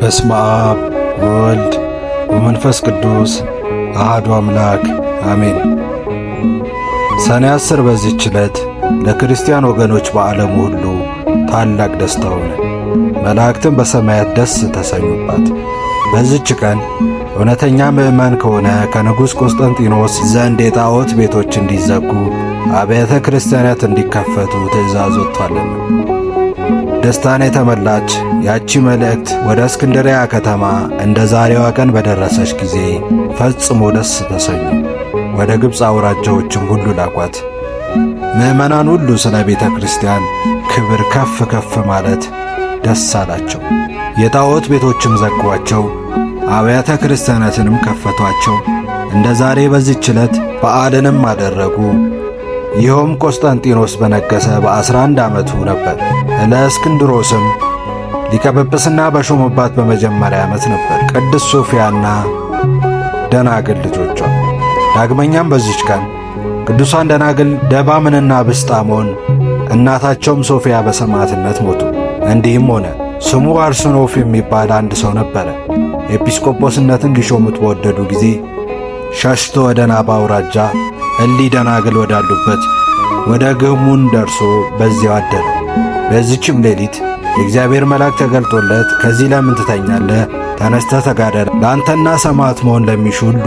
በስመ አብ ወልድ ወመንፈስ ቅዱስ አሃዱ አምላክ አሜን። ሰኔ አስር በዚህች ዕለት ለክርስቲያን ወገኖች በአለም ሁሉ ታላቅ ደስታ ሆነ። መላእክትም በሰማያት ደስ ተሰኙባት። በዚች ቀን እውነተኛ ምዕመን ከሆነ ከንጉሥ ቆስጠንጢኖስ ዘንድ የጣዖት ቤቶች እንዲዘጉ አብያተ ክርስቲያናት እንዲከፈቱ ትእዛዝ ወጥቷልና ደስታን የተመላች ያቺ መልእክት ወደ እስክንድሪያ ከተማ እንደ ዛሬዋ ቀን በደረሰች ጊዜ ፈጽሞ ደስ ተሰኙ። ወደ ግብፅ አውራጃዎችም ሁሉ ላኳት። ምዕመናን ሁሉ ስለ ቤተ ክርስቲያን ክብር ከፍ ከፍ ማለት ደስ አላቸው። የጣዖት ቤቶችም ዘግቧቸው፣ አብያተ ክርስቲያናትንም ከፈቷቸው። እንደ ዛሬ በዚህች ዕለት በዓልንም አደረጉ። ይኸውም ቆስጠንጢኖስ በነገሰ በ11 ዓመቱ ነበር። ለእስክንድሮስም ሊቀ ጵጵስና በሾመባት በመጀመሪያ ዓመት ነበር ቅድስት ሶፊያና ደናግል ልጆቿ። ዳግመኛም በዚች ቀን ቅዱሳን ደናግል ደባምንና ብስጣሞን እናታቸውም ሶፊያ በሰማዕትነት ሞቱ። እንዲህም ሆነ ስሙ አርሶኖፍ የሚባል አንድ ሰው ነበረ። ኤጲስቆጶስነትን ሊሾሙት በወደዱ ጊዜ ሸሽቶ ወደ ናባ አውራጃ እሊህ ደናግል ወዳሉበት ወደ ግህሙን ደርሶ በዚያው አደረ። በዚችም ሌሊት የእግዚአብሔር መልአክ ተገልጦለት ከዚህ ለምን ትተኛለህ? ተነስተህ ተጋደል፣ ለአንተና ሰማዕት መሆን ለሚሹ ሁሉ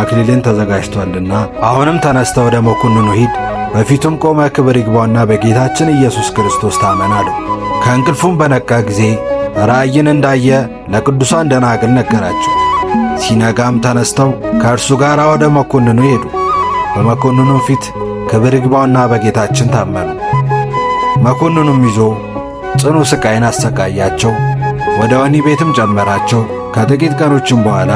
አክሊልን ተዘጋጅቷልና። አሁንም ተነስተህ ወደ መኮንኑ ሂድ፣ በፊቱም ቆመ ክብር ይግባውና በጌታችን ኢየሱስ ክርስቶስ ታመን አለው። ከእንቅልፉም በነቃ ጊዜ ራእይን እንዳየ ለቅዱሳን ደናግል ነገራቸው። ሲነጋም ተነስተው ከእርሱ ጋር ወደ መኮንኑ ሄዱ። በመኮንኑም ፊት ክብር ይግባውና በጌታችን ታመኑ። መኮንኑም ይዞ ጽኑ ሥቃይን አሰቃያቸው፣ ወደ ወኒ ቤትም ጨመራቸው። ከጥቂት ቀኖችም በኋላ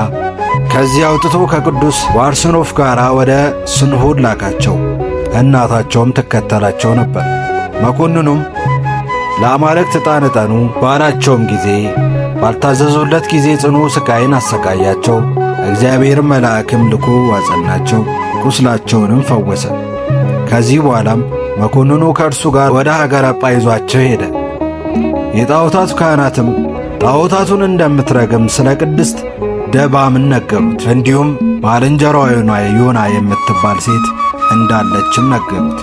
ከዚህ አውጥቶ ከቅዱስ ዋርስኖፍ ጋር ወደ ስንሁድ ላካቸው። እናታቸውም ትከተላቸው ነበር። መኮንኑም ለአማልክት ዕጣን ዕጠኑ ባላቸውም ጊዜ ባልታዘዙለት ጊዜ ጽኑ ሥቃይን አሰቃያቸው። እግዚአብሔርም መልአክም ልኮ አጸናቸው። ቁስላቸውንም ፈወሰ። ከዚህ በኋላም መኮንኑ ከእርሱ ጋር ወደ ሀገር አጳ ይዟቸው ሄደ። የጣዖታቱ ካህናትም ጣዖታቱን እንደምትረግም ስለ ቅድስት ደባምን ነገሩት። እንዲሁም ባልንጀራዋና ዮና የምትባል ሴት እንዳለችም ነገሩት።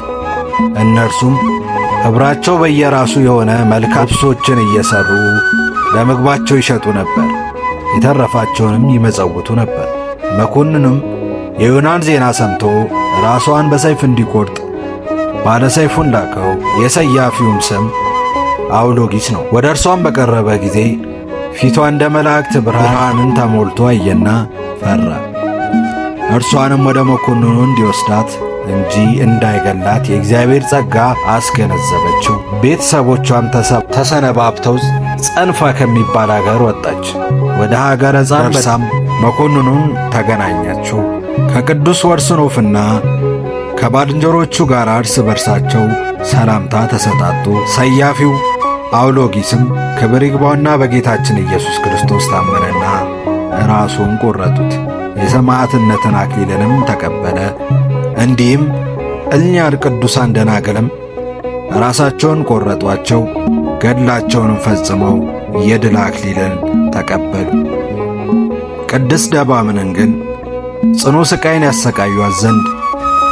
እነርሱም ኅብራቸው በየራሱ የሆነ መልካም ልብሶችን እየሠሩ ለምግባቸው ይሸጡ ነበር፣ የተረፋቸውንም ይመጸውቱ ነበር። መኮንኑም የዮናን ዜና ሰምቶ ራሷን በሰይፍ እንዲቆርጥ ባለ ሰይፉን ላከው። የሰያፊውም ስም አውሎጊስ ነው። ወደ እርሷም በቀረበ ጊዜ ፊቷ እንደ መላእክት ብርሃንን ተሞልቶ አየና ፈራ። እርሷንም ወደ መኮንኑ እንዲወስዳት እንጂ እንዳይገላት የእግዚአብሔር ጸጋ አስገነዘበችው። ቤተሰቦቿም ተሰነባብተው ጸንፋ ከሚባል አገር ወጣች። ወደ ሀገረ ጻን ደርሳም መኮንኑን ተገናኛችው። ከቅዱስ ወርስኖፍና ከባልንጀሮቹ ጋር እርስ በርሳቸው ሰላምታ ተሰጣጡ። ሰያፊው አውሎጊስም ክብር ይግባውና በጌታችን ኢየሱስ ክርስቶስ ታመነና ራሱን ቆረጡት። የሰማዕትነትን አክሊልንም ተቀበለ። እንዲህም እኛን ቅዱሳን ደናግልም ራሳቸውን ቆረጧቸው፣ ገድላቸውንም ፈጽመው የድል አክሊልን ተቀበሉ። ቅድስት ደባምንን ግን ጽኑ ሥቃይን ያሰቃዩአት ዘንድ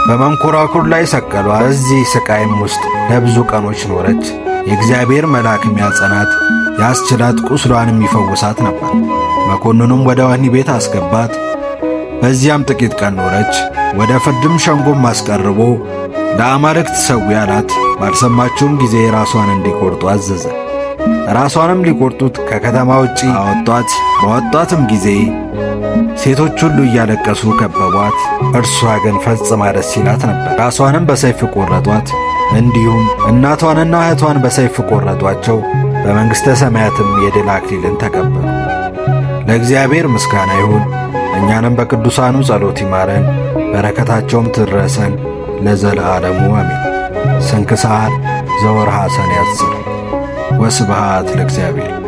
በመንኮራኩር ላይ ሰቀሏ። እዚህ ሥቃይም ውስጥ ለብዙ ቀኖች ኖረች። የእግዚአብሔር መልአክ የሚያጸናት ያስችላት፣ ቁስሏንም ይፈውሳት ነበር። መኮንኑም ወደ ወህኒ ቤት አስገባት። በዚያም ጥቂት ቀን ኖረች። ወደ ፍርድም ሸንጎም አስቀርቦ ለአማልክት ሰዊ አላት። ባልሰማችውም ጊዜ ራሷን እንዲቆርጡ አዘዘ። ራሷንም ሊቆርጡት ከከተማ ውጪ አወጧት። በወጧትም ጊዜ ሴቶች ሁሉ እያለቀሱ ከበቧት። እርሷ ግን ፈጽማ ደስ ይላት ነበር። ራሷንም በሰይፍ ቆረጧት፣ እንዲሁም እናቷንና እህቷን በሰይፍ ቆረጧቸው። በመንግሥተ ሰማያትም የድል አክሊልን ተቀበሉ። ለእግዚአብሔር ምስጋና ይሁን። እኛንም በቅዱሳኑ ጸሎት ይማረን፣ በረከታቸውም ትድረሰን ለዘለዓለሙ አሜን። ስንክሳር ዘወርሃ ሰኔ አስር ወስብሃት ለእግዚአብሔር